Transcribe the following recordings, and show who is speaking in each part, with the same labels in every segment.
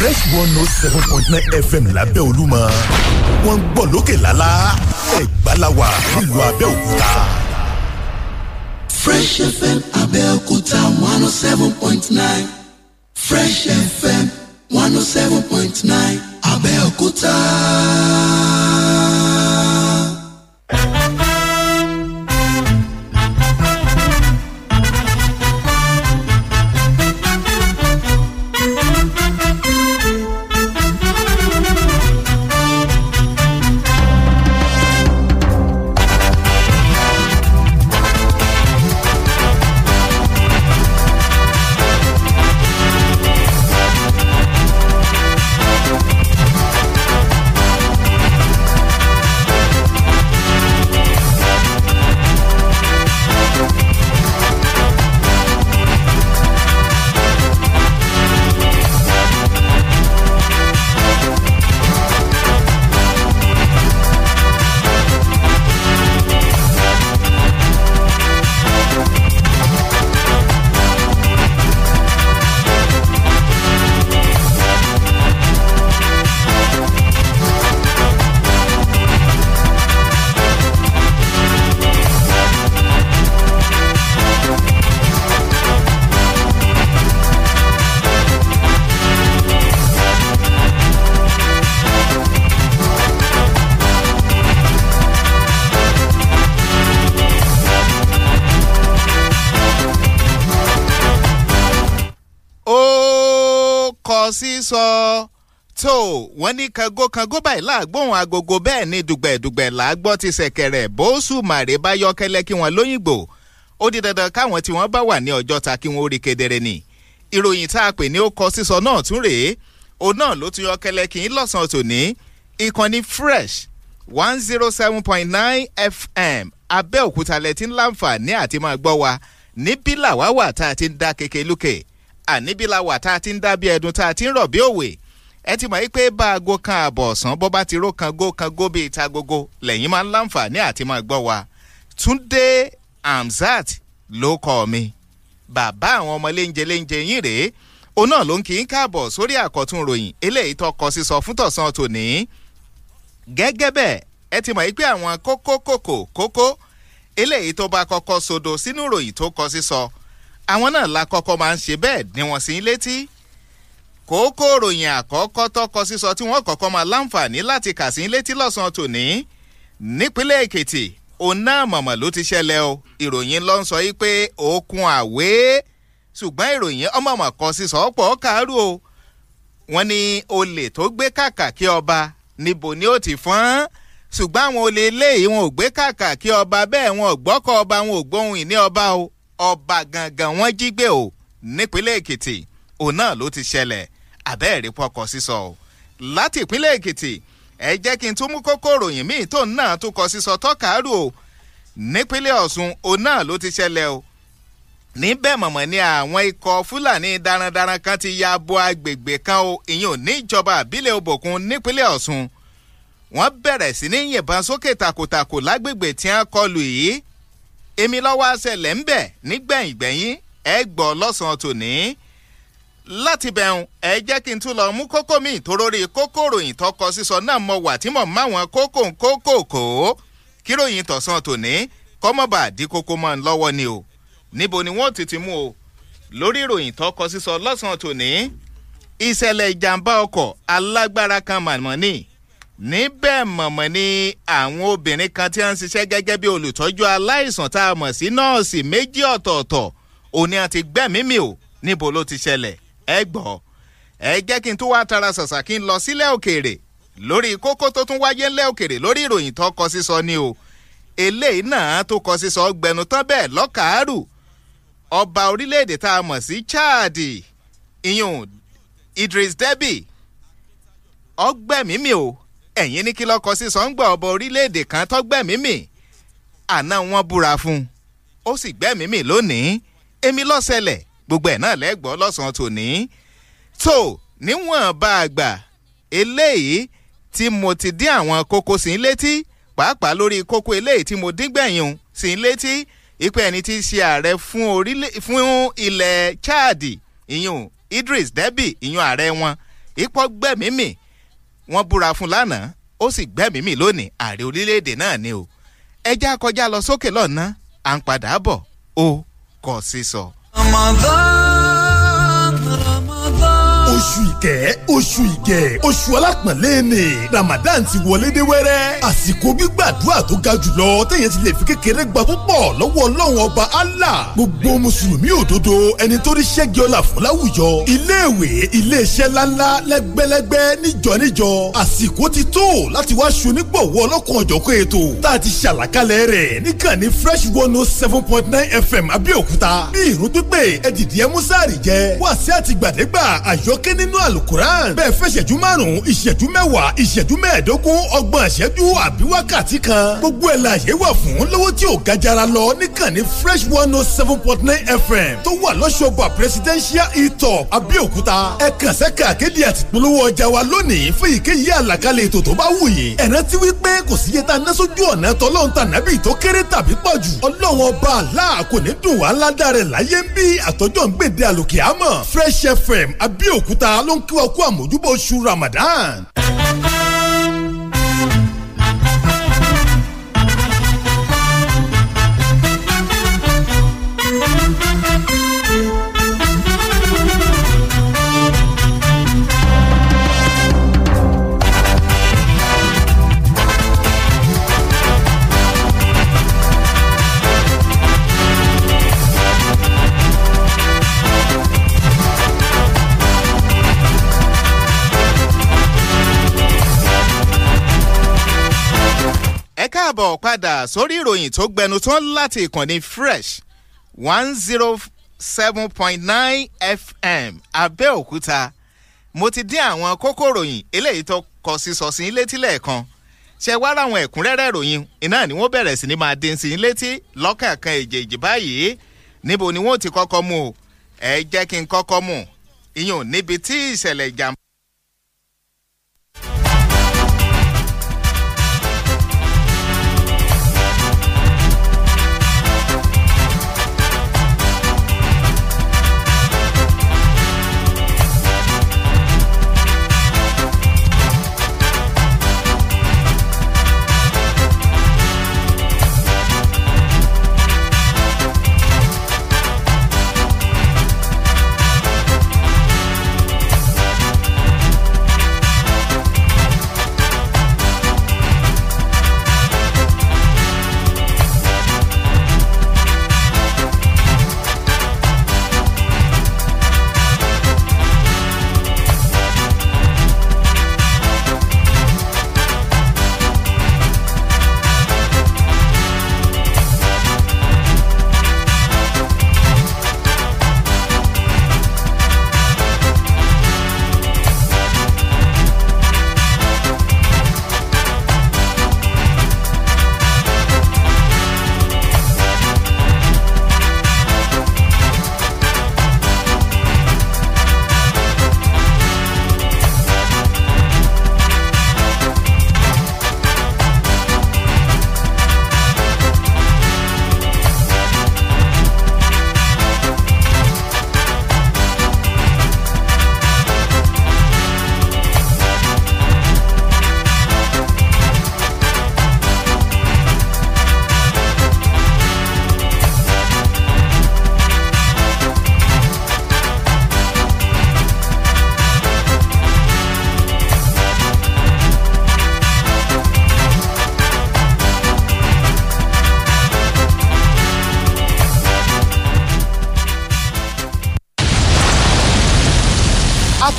Speaker 1: fresh one note oh seven point nine
Speaker 2: fm lábẹ́ olúmọ wọ́n ń gbọ́ lókè lálá ẹ̀gbálawa nílùú abẹ́òkúta. fresh fm abẹ́òkúta one oh seven
Speaker 3: point nine fresh fm one oh seven point nine
Speaker 1: abẹ́òkúta.
Speaker 4: kọ sísọ tó wọ́n ní kango kango báyìí láàgbóhùn agogo bẹ́ẹ̀ ni dùgbẹ̀dùgbẹ̀ làágbọ́ ti ṣẹ̀kẹ̀rẹ̀ bóṣù màrè bá yọ kẹlẹ́ kí wọ́n lóyìnbó ó di dandan káwọn tí wọ́n bá wà ní ọjọ́ ta kí wọ́n rí kedere ni ìròyìn tá a pè ní ó kọ sísọ náà tún rèé òun náà ló tún yọ kẹlẹ́ kí n lọ́sàn-án tòní ìkànnì fresh one zero oh seven point nine fm abẹ́òkúta lẹ́tí ńláǹfààní àti máa gbọ́ wa níbí làwa wà tá a ti ń dá kékeré lókè àníbí tá a ti ń dábí ẹdun tá a ti ń rọ̀ bí òwe ẹ ti mọ̀ pé bá aago kan àbọ̀ ọ̀sán bó bá ti ró kan gó kan gó bíi ta gogo lẹ́yìn máa ń láǹfààní àti máa gbọ́ wa Túndé Amzat ló kọ́ mi bàbá àwọn ọmọ léńjẹ léńjẹ yín rèé òun náà ló ń kí n káàbọ̀ sórí àkọ́tún ròyìn eléyìí tọkọ sísọ fún tọ̀sán tòní gẹ́gẹ́ bẹ́ẹ̀ ẹ ti mọ̀ pé àwọn kókó kòkó kókó eléyìí tó bá kọ́kọ́ sodo sínú ròyìn tó kọ sísọ àwọn náà la kọ́kọ́ máa ń ṣe bẹ́ẹ̀ ni wọ́n sì ń létí kókó ròyìn àkọ́kọ́ tọkọ sísọ tí wọ́n kọ́kọ́ máa láǹfààní láti kà sí létí lọ́sàn-án tòní nípínlẹ̀ èkìtì òun náà mọ̀mọ̀ ló ti ṣẹlẹ̀ o ìròyìn ló ń sọ yìí pé òkun àwé ṣùgbọ́n ìròyìn ọmọọmọ kọ sísọ pọ̀ kàárù o wọ́n ní olè tó gbé kàkàkí ọba níbo ni ó ti fọ́n ṣùgbọ́n àwọn olè eléyìí wọn ò gbé kàkàkí ọba bẹ́ẹ̀ wọn ò gbọ́kọ̀ ọba wọn ò gbóhùn ìní ọba o ọba gangan wọ́n jí gbé o nípínlẹ̀ èkìtì òun náà ló ti ṣẹlẹ̀ àbẹ́ẹ̀rí pọkọ sísọ o láti ìpínlẹ̀ èkìtì ẹ jẹ́ kí n tún mú kókó ròyìn míì tó náà tún kọ sísọ tọ́kàárù o nípínlẹ̀ ọ̀ṣun òun náà ló ti ṣẹlẹ̀ o níbẹ̀ mọ̀mọ́ ni àwọn ikọ̀ fúlàní darandaran kan ti ya bo agbègbè kan o ìyẹn ò ní ìjọba àbílẹ̀ òbòkun nípínlẹ̀ ọ̀ṣun wọ́n bẹ̀rẹ̀ sí ní yìnbọn sókè takòtakò lágbègbè tí wọ́n kọlù yìí èmi lọ́wọ́ àṣẹlẹ̀ ń bẹ̀ nígbẹ̀yìn gbẹ̀yìn ẹ gbọ́ lọ́sàn-án tòní láti bẹ̀rùn ẹ jẹ́ kí n tún lọ mú kókó mi ìtòrórí kókó ròyìn tọkọ sísọ náà mo wà tí mò ń máwọn kókó kókó kó kíròyìn tọ̀sán tòní kọ́mọ́bà dí kókó mọ́ ń lọ́wọ́ ni o níbo ni wọ́n ti ti mú o lórí ìròyìn tọkọ sísọ lọ́sàn-án tòní ìṣẹ̀lẹ̀ ìjàmbá ọkọ̀ alágbára kan màmọ́ ni níbẹ̀ mọ̀mọ́ ni àwọn obìnrin kan tí wọ́n ń ṣiṣẹ́ gẹ́gẹ́ bí olùtọ́jú aláìsàn tá a mọ̀ sí nọ́ọ̀sì méjì ọ̀tọ̀ọ̀tọ̀ òní àti gbẹ̀mímì ò níbo ló ti ṣẹlẹ̀ ẹ gbọ́ ẹ jẹ́ kí n tún wá tara ṣàṣà kí n lọ sílẹ̀ òkèèrè lórí kókó tó tún wáyé ńlẹ̀ òkèèrè lórí ìròyìn tó kọ sísọ ni o eléyìí náà tó kọ sísọ gbẹnu tán bẹ́ẹ̀ lọ́kàárù ọba orílẹ̀-èdè tá a mọ̀ sí Chad ìyún Idris Debi ọgbẹ́mímì o ẹ̀yìn ní kí lọ́kọ sí sọ́ngbà ọba orílẹ̀-èdè kan tó gbẹ̀mímì àná wọn búra fún ó sì gbẹ̀mímì lónìí èmi lọ́sẹ̀lẹ̀ gbogbo ẹ̀ náà lẹ́gbọ́ lọ́sàn-án tòní tó níwọ̀n bá a gbà eléyìí tí mo ti dín àwọn kókó sí létí pàápàá lórí kókó eléyìí tí mo dín gbẹ̀yìn sí létí ipò ẹni tí í ṣe ààrẹ fún ilẹ̀ Chad ìyún Idris debi ìyún ààrẹ wọn ipò gbẹ̀mímì wọ́n búra fún lánàá ó sì gbẹ́mìí lónìí ààrẹ orílẹ̀-èdè náà ni o ẹja kọjá lọ sókè lọ́nà à ń padà bọ̀ o kò sí sọ.
Speaker 5: ọmọdé
Speaker 4: oṣù ìkẹ́ oṣù ìkẹ́ oṣù alápọ̀nlé
Speaker 2: ni Ramadan ti wọlé dé wẹ́rẹ́ àsìkò gbígbàdúrà tó ga jùlọ téèyàn ti lè fi kékeré gba púpọ̀ lọ́wọ́ ọlọ́run ọba Allah gbogbo mùsùlùmí òdodo ẹni tó rí ṣẹ́gi ọlá fún láwùjọ iléèwé iléeṣẹ́ ńláńlá lẹ́gbẹ́lẹ́gbẹ́ níjọ níjọ àsìkò ti tó láti wá ṣonígbọ̀wọ́ ọlọ́kan ọ̀jọ̀kan ètò tá a ti ṣàlàkalẹ̀ rẹ̀ níkànnì fresh one oh seven point nine fm abẹ́òkúta bí ìrún pípé ẹ̀dìdì ẹ̀ músàrì jẹ́ wàásù àtìgbàdégbà àyọk ké nínú alukuran bẹ́ẹ̀ fẹ́ ṣẹ́jú márùn-ún ìṣẹ́jú mẹ́wàá ìṣẹ́jú mẹ́ẹ̀ẹ́dógún àbí wákàtí kan gbogbo ẹ̀ la yẹ wà fún lọ́wọ́ tí ò ga jara lọ níkànnì fresh one oh seven point nine fm tó wà lọ́sọ̀gbà presidential etop abẹ́òkúta ẹ kàn sẹ́ka akéde àtìpolówó ọjà wa lónìí fún ìkéyìí àlàkalẹ̀ ètò tó bá wù yín ẹ̀rántí wípé kò sí yẹta násójú ọ̀nà tọ́lọ́hún tànábì tó kéré tàbí pọ̀ jù ọlọ́run ọba àlá kò ní dùn wàhálà dàrẹ̀ láyé ń bí àtọ́jọ́ ń gbèdé àlòkè àmọ́ fresh fm abẹ́òkúta Abẹ́òkúta ló ń kí wa kú àmójúbò oṣù Ramadan.
Speaker 4: sórí ìròyìn tó gbẹnu tán láti ìkànnì fresh one zero seven point nine fm abẹ́òkúta mo ti dín àwọn kókó ìròyìn eléyìí tó kọ sísọ sí ilé tílẹ̀ kan ṣe wá ráwọn ẹ̀kúnrẹ́rẹ́ ìròyìn iná ni wọ́n bẹ̀rẹ̀ sí ni máa dín sí létí lọ́kànkan èjèèjì báyìí níbo ni wọ́n ti kọ́kọ́ mú o ẹ jẹ́ kí n kọ́kọ́ mú ìyẹn níbi tí ìṣẹ̀lẹ̀ ìjàmbá.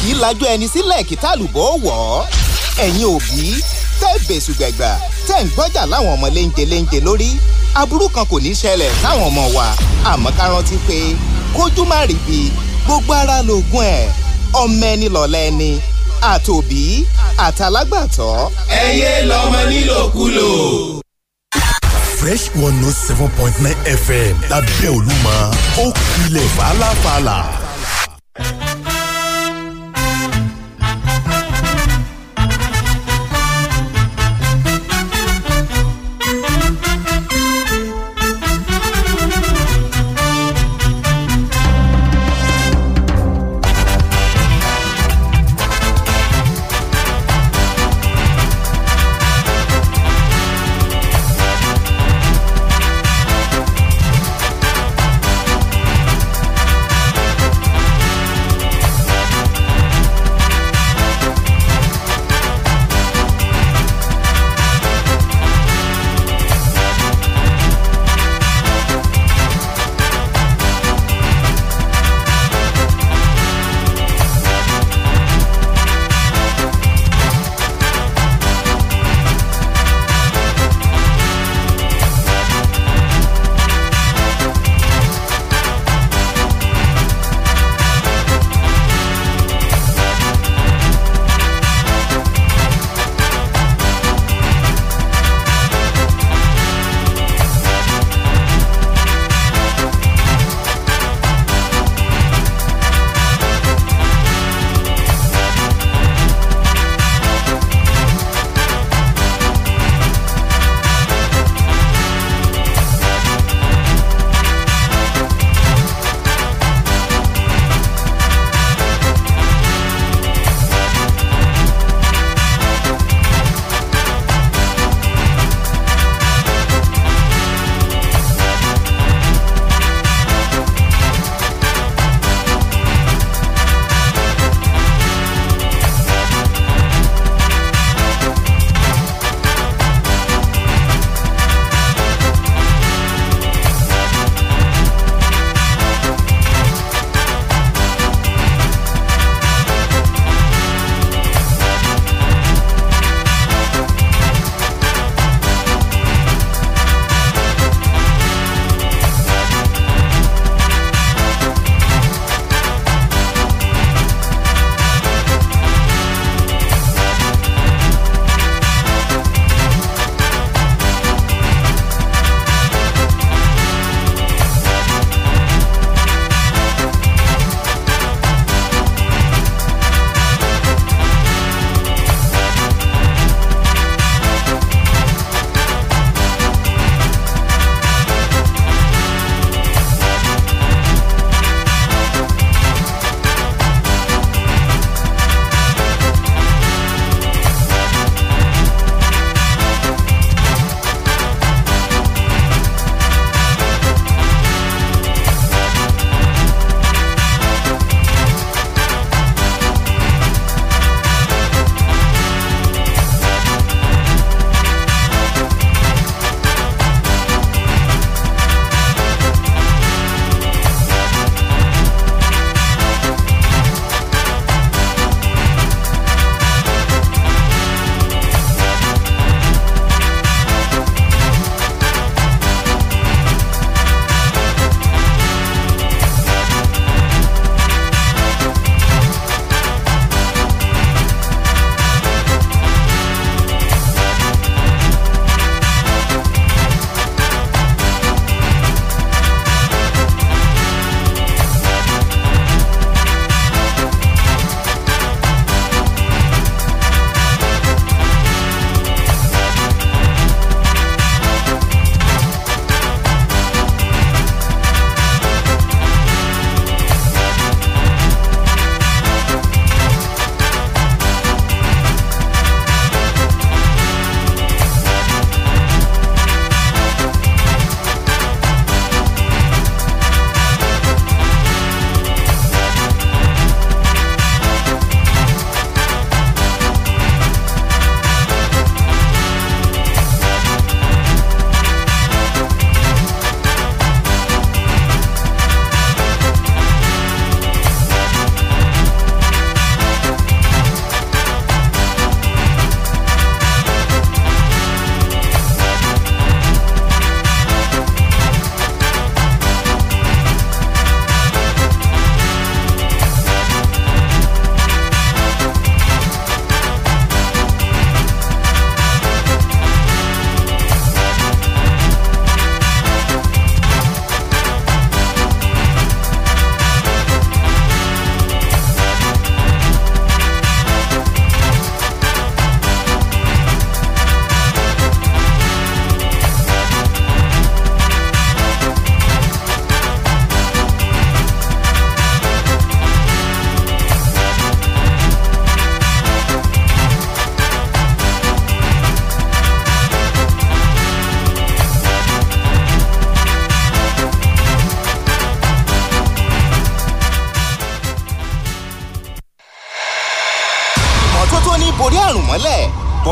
Speaker 4: kì í lajú ẹni sílẹ̀ kí tálùbọ̀ wọ̀ ọ́ ẹ̀yin òbí tẹ́ bẹ̀sù tẹ́ ń gbọ́jà láwọn ọmọ léńjẹ léńjẹ lórí aburú kan kò ní ṣẹlẹ̀ sáwọn ọmọ wa àmọ́ ká rántí pé kójú má rí bi gbogbo ara lògùn ẹ̀ ọmọ ẹni lọ̀lẹ́ ẹni àtòbí àtàlágbàtọ́. ẹ lọmọ nílòkulò. Fresh one note oh
Speaker 2: seven point nine FM lábẹ́ Olúmọ ó kilẹ̀ fàlàfàlà.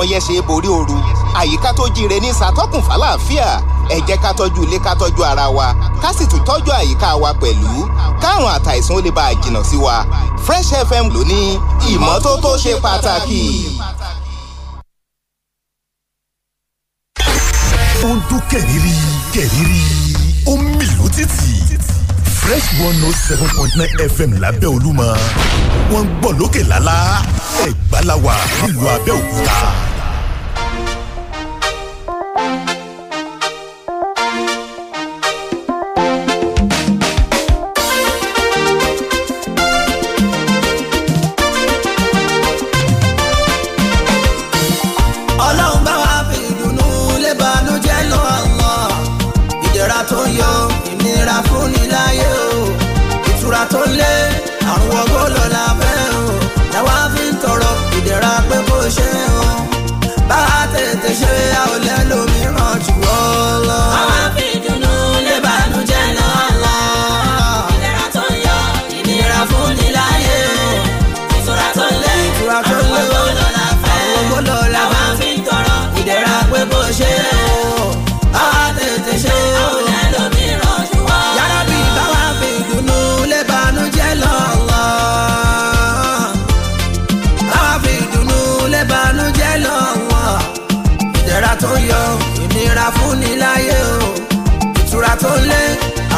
Speaker 4: ọyẹ́ ṣe borí ooru àyíká tó jíire ní ṣàtọ́kùn fàlàáfíà ẹ ká tọ́jú ilé ká tọ́jú ara wa ká sì tún tọ́jú àyíká wa pẹ̀lú káàrùn àtàìsàn ó lè bá a jìnnà sí wa Fresh FM ló ní ìmọ́tótó ṣe pàtàkì. ó ń dún kẹ̀rìírí kẹ̀rìírí
Speaker 2: ó ń mì lótìtì Fresh one note oh seven point nine FM lábẹ́ Olúmọ wọ́n ń gbọ́ lókè lálá Ẹ̀gbá la wà nílùú Abẹ́òkúta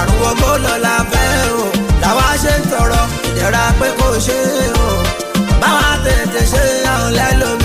Speaker 3: àrùn ogbó lọ la fẹ́ o làwa ṣe ń tọrọ ìdẹ̀ra pé kò ṣe o báwa tètè ṣe àwọn lẹ́lòmí.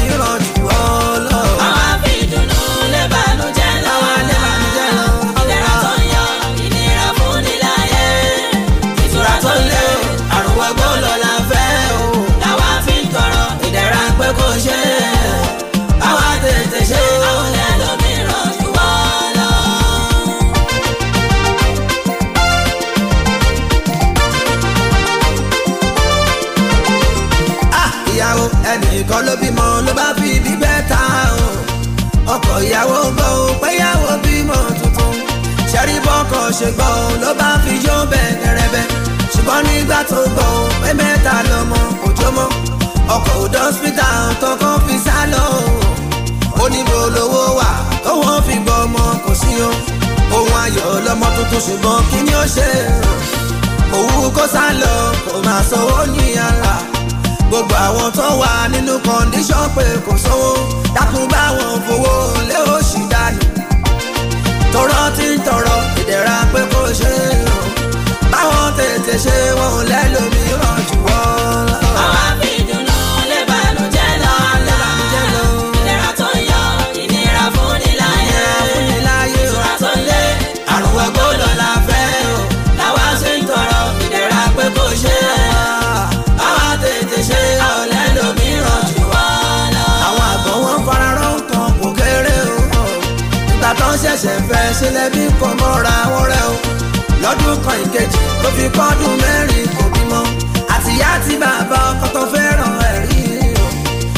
Speaker 3: ṣe gbọ́ òun ló bá fi yó bẹ́ẹ̀ gẹ́rẹ́bẹ́ ṣùgbọ́n nígbà tó gbọ́ òun pé mẹ́ta lọ́mọ òjò mọ́ ọkọ̀ òdò hospital tọkàn fi sá lọ ó ní bó lówó wà tó wọ́n fi gbọ́ ọmọ kò sí o ohun ayọ̀ lọ́mọ tuntun ṣùgbọ́n kí ni ó ṣe òwú kó sá lọ kò máa sanwó ní àlà gbogbo àwọn tó wà nínú kọ́ndíṣọ̀n pé kò sanwó dákun báwọn fowó lé òṣì dànù tọrọ tí ń tọrọ ìdẹ̀ra pé kò ṣe é o báwọn tètè ṣe wọn ò lẹ́lòmíràn jù ṣẹ̀ṣẹ̀ fẹ́ sílẹ̀ bí kò mọ́ra wọ́rẹ́ o lọ́dún kan ìkejì ló fi pọ́dún mẹ́rin kò bímọ àtìyá àti bàbá ọkọ tó fẹ́ràn ẹ̀rí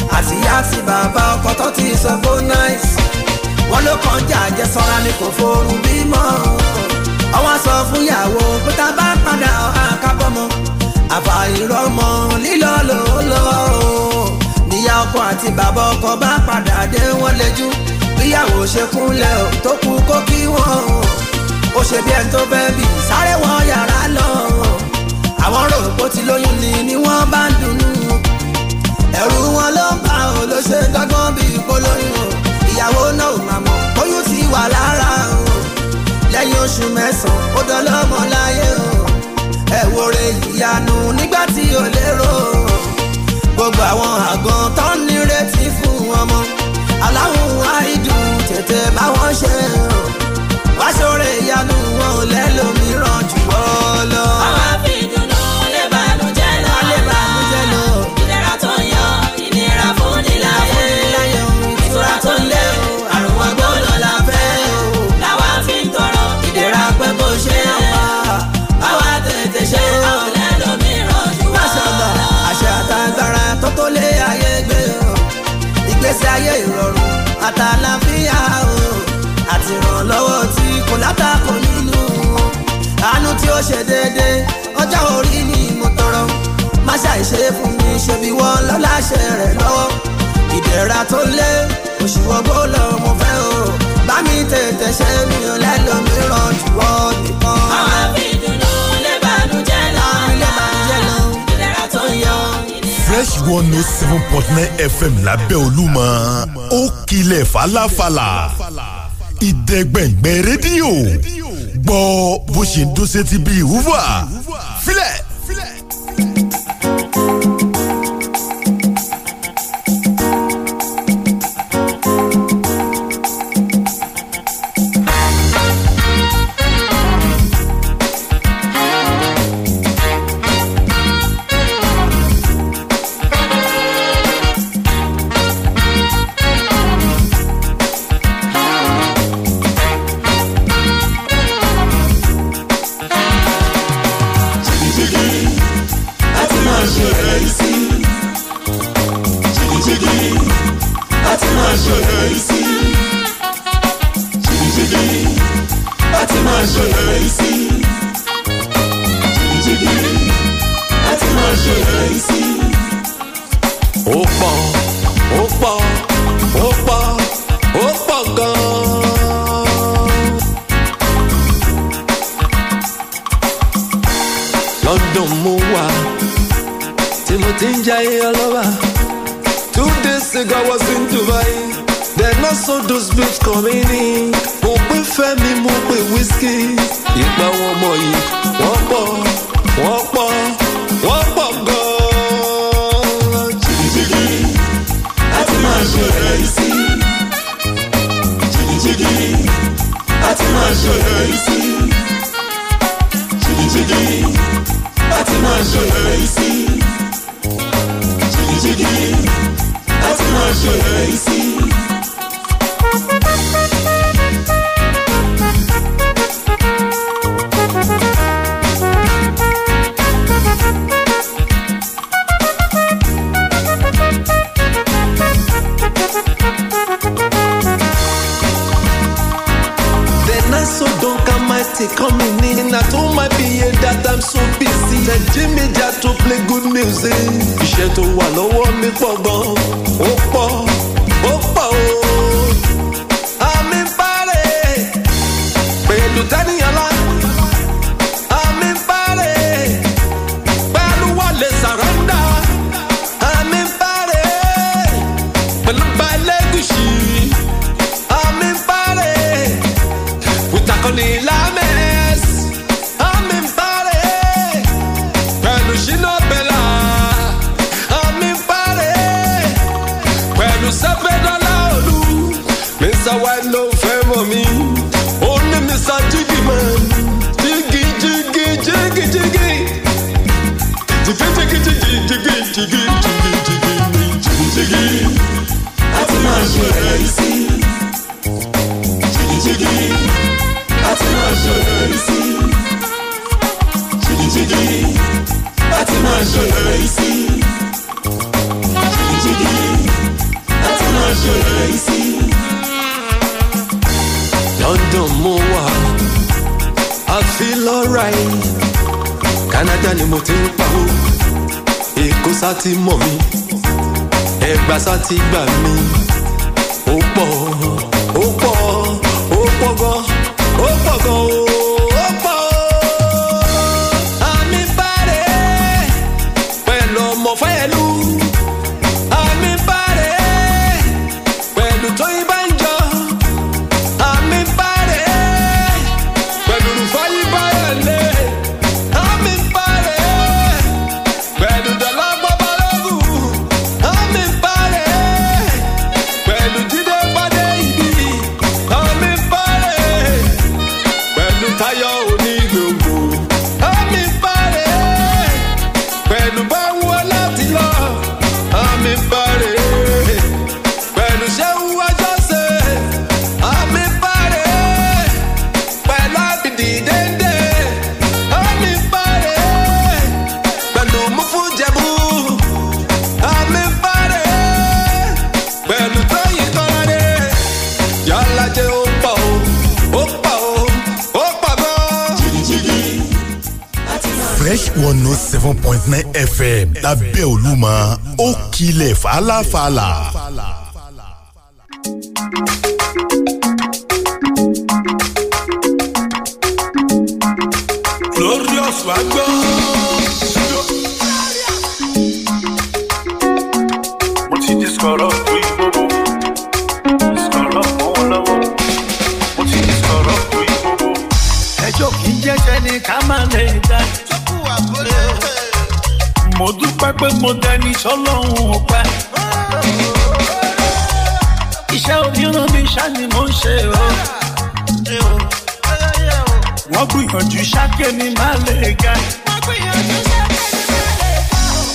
Speaker 3: o àtìyá àti bàbá ọkọ tó ti sọ bó náìsì wọ́n ló kàn jà jẹsọ́ra ni kò forun bímọ ọwọ́ sọ fún ìyàwó pé tá a bá padà àkábọ́mọ àfàìrọ́mọ lílọ lòó lọ o níyà ọkọ àti bàbá ọkọ bá padà dé wọ́n lẹ́jú bíyàwó ṣe kúnlẹ̀ ò tó kú kó kí wọ́n ó ṣe bí ẹni tó fẹ́ bì sáré wọ yàrá lọ àwọn rò ti lóyún ni ni wọ́n bá ń dunnú ẹ̀rù wọn ló ń bá ò ló ṣe dọ́gbọ́n bí kó lóyún o ìyàwó náà ò máa mọ̀ oyún ti wà lára o lẹ́yìn oṣù mẹ́sàn-án ó dọ́lọ́mọ láyé o ẹ̀wò rẹ̀ ìyanu nígbà tí ò lérò gbogbo àwọn àgàn tó ń nírètí fún ọmọ. 把我写。tí ó ṣe déédéé ọjọ́ orí ni mo tọrọ má ṣàìṣe fún mi ṣebí wọ́n lọ́láṣẹ rẹ̀ lọ́wọ́ ìdẹ̀ra tó lé oṣù ọgbó lọ mo fẹ́ o bá mi tètè ṣe mi ò lẹ́lòmíràn jù ọ́ nìkan.
Speaker 2: fresh one oh seven point nine fm lábẹ́ olúmọ ó kilẹ̀ falafala ìdẹ́gbẹ̀gbẹ̀ rédíò gbọ́ bó ṣe ń dún sétí bíi wúwà fílẹ̀.
Speaker 1: jìbì láti máa ṣe
Speaker 5: èyí sí. ó pọ̀ ó pọ̀ ó pọ̀ ó pọ̀ gan-an. London mo wà tí mo ti ń jayé ọlọ́wà two days ago I was in Dubai then I saw those babes coming in mo pè fẹ́mi mo pè whiskey. ìgbà wọn mọ̀ yìí wọ́n pọ̀ wọ́n pọ̀ wọ́n pọ̀
Speaker 1: gan-an. jìgìjìgì láti máa ṣọ̀rọ̀ yìí sí. jìgìjìgì láti máa ṣọ̀rọ̀ yìí
Speaker 5: tó wà lọ́wọ́ mi pọ̀ gan. I a white no for me. Only Miss a jiggy man. Jiggy, jiggy, jiggy, jiggy. Jiggy, jiggy, jiggy,
Speaker 1: jiggy, jiggy, jiggy, jiggy, jiggy. That's show you see. Jiggy, jiggy. That's show you see. Jiggy, jiggy. That's show you see. Jiggy, jiggy. That's show you see.
Speaker 5: London mo wà I feel alright Canada ni mo ti ń pawó Èkó sá ti mọ̀ mi Ẹ̀gbá sá ti gbà mí ó pọ̀ ó pọ̀ ó pọ̀ gan ó pọ̀ gan o. Àmì bá rè é pẹ̀lú ọmọ fẹ́ẹ́ lù.
Speaker 2: Mèch ou an nou 7.9 FM Dabè ou louman Okile Fala Fala
Speaker 6: Florios Vakon mo dúpẹ́ pé mo dẹni sọ́lọ́hún ọpẹ́. iṣẹ́ òmíràn mi ṣá ni mo ń ṣe o. wọ́n gbìyànjú ṣáké mi má lè ga.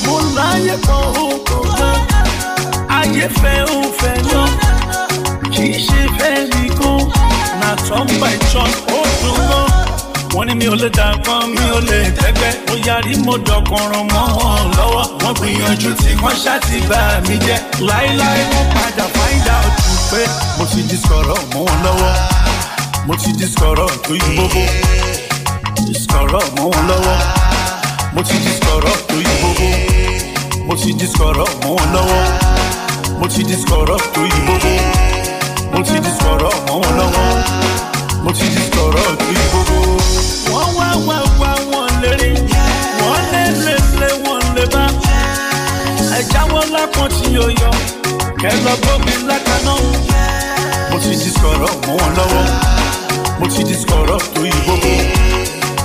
Speaker 6: mo láyé kan ó kò ayé fẹ́ ó fẹ́ lọ kì í ṣe fẹ́ mi kó na turn by turn ó dùn mọ́ wọ́n ní mi ò lè dà kan mi ò lè tẹ́gbẹ́ ó yarí mo dọ̀kọ̀ràn mọ́ wọn lọ́wọ́ wọ́n gbìyànjú tí wọ́n ṣáàtì bá mi jẹ́ láéláé wọ́n padà find out pé mo ti di sọ̀rọ̀ mọ́ wọn lọ́wọ́ mo ti di sọ̀rọ̀ tó yí gbogbo sọ̀rọ̀ mọ́ wọn lọ́wọ́ mo ti di sọ̀rọ̀ tó yí gbogbo mo ti di sọ̀rọ̀ mọ́ wọn lọ́wọ́ mo ti di sọ̀rọ̀ tó yí gbogbo mo ti di sọ̀rọ̀ mọ́ wọn lọ́wọ́ mo ti di sọ̀rọ̀ tó yí gbogbo wá wá wọn lè rí wọn lè lè lè wọn lè bá ẹ jáwọ́ lápọn tí yóò yọ kẹ lọ gbóbi lákaná mo ti di sọ̀rọ̀ mọ́ wọn lọ́wọ́ mo ti di sọ̀rọ̀ tó yí gbogbo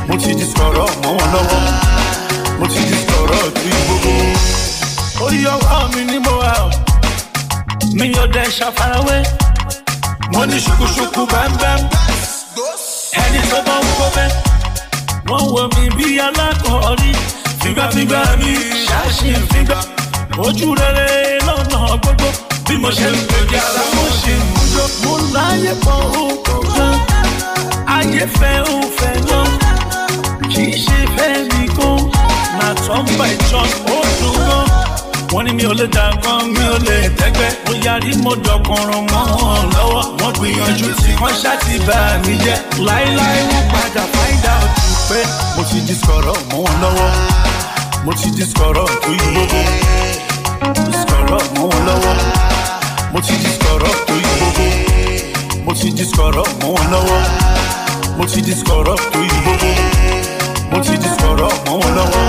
Speaker 6: mo ti di sọ̀rọ̀ mọ́ wọn lọ́wọ́ mo ti di sọ̀rọ̀ tó yí gbogbo orí ọwọ́ mi ní mo wà ó mi ò dẹ̀ ṣàfarawé mo ní ṣùkúṣùkú bámbám ẹni tó bá ń kó bẹ́ẹ̀ wọ́n wo mi bí alákọ̀ọ́rí fígbàfígbà mi ṣáṣì fígbà ojú rere lọ́nà gbogbo bí mo ṣe ń gbèjà ara mo ṣe ń múlò. mo láyé pọ̀ òkò gan ayé fẹ́ ó fẹ́ náà kì ṣe fẹ́ mi kó na turn by turn ó dùn gan. wọ́n ní mi ò lè dàgbọ́n mi ò lè tẹ́gbẹ́ mo yarí mo dọkùnrún mọ́ wọn lọ́wọ́ wọ́n gbìyànjú tí wọ́n ṣáà ti bà mí jẹ́ láéláé wọ́n padà find out pé mo ti di sọ̀rọ̀ mọ́ wọn lọ́wọ́ mo ti di sọ̀rọ̀ tó yí gbogbo sọ̀rọ̀ mọ́ wọn lọ́wọ́ mo ti di sọ̀rọ̀ tó yí gbogbo mo ti di sọ̀rọ̀ mọ́ wọn lọ́wọ́ mo ti di sọ̀rọ̀ tó yí gbogbo mo ti di sọ̀rọ̀ mọ́ wọn lọ́wọ́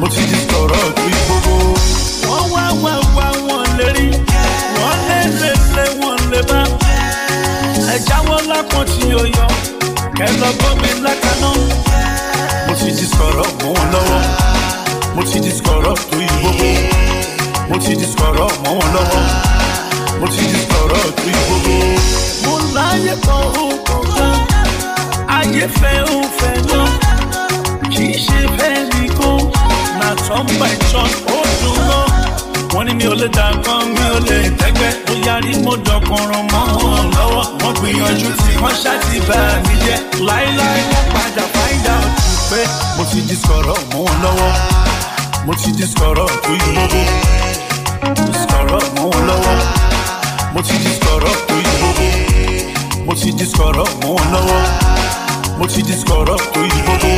Speaker 6: mo ti di sọ̀rọ̀ tó yí gbogbo. wọ́n wá wá wá wọn lè rí wọ́n lè lè lè wọ́n lè bá ẹ̀jáwọ́ lápọ̀ tí yóò yọ kẹ́ mi láì dáná mo sì ti sọ̀rọ̀ mọ́ wọn lọ́wọ́ mo sì ti sọ̀rọ̀ tó ìgbógbó mo sì ti sọ̀rọ̀ mọ́ wọn lọ́wọ́ mo sì ti sọ̀rọ̀ tó ìgbógbó. mo láyé kan ó kọ̀ ayé fẹ́ ó náà kì í ṣe fẹ́ nìkan na turn by turn ó dùn náà wọ́n ní mi ò lè dà kan mi ò lè tẹ́gbẹ́ ó yarí mo dọ̀kọ̀ràn mọ́ wọn lọ́wọ́ wọ́n gbìyànjú tí wọ́n ṣáàtì bá mi jẹ́ láíláí wọ́n padà find out pé mo ti di sọ̀rọ̀ mọ́ wọn lọ́wọ́ mo ti di sọ̀rọ̀ tó yí gbogbo mo ti sọ̀rọ̀ mọ́ wọn lọ́wọ́ mo ti di sọ̀rọ̀ tó yí gbogbo mo ti di sọ̀rọ̀ mọ́ wọn lọ́wọ́ mo ti di sọ̀rọ̀ tó yí gbogbo.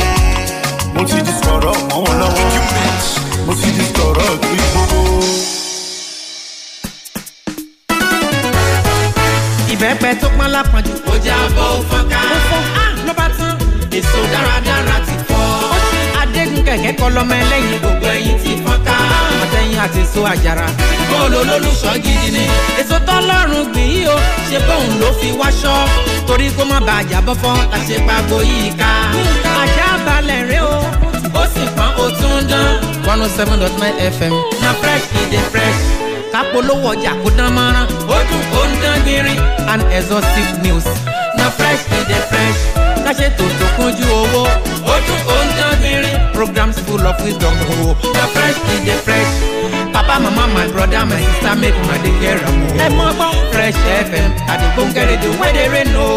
Speaker 3: àti èso àjàrà. bọ́ọ̀lù olólùṣọ́ gidi ni èso tọ́lọ́run gbìn yìí o ṣe bóun ló fi wáṣọ torí kó má bàa jà bọ́fọ́ la ṣe pàgọ́ yìí ká. àṣà balẹ̀ rẹ o ó sì pọ́n ó tún dán. one oh seven dot nine fm na fresh e dey fresh kápolówó ọjà kó dán mọ́rán ó dùn ó ń dán gbinrin and exhaustive news na fresh e dey fresh ká tòótọ́ kúnjú owó ó dùn ó programs full of wisdom. Oh, the fresh is the
Speaker 1: fresh. Papa, mama, my brother, my sister, make my dey care. Oh, fresh FM, I dey go get the way they rain. Oh.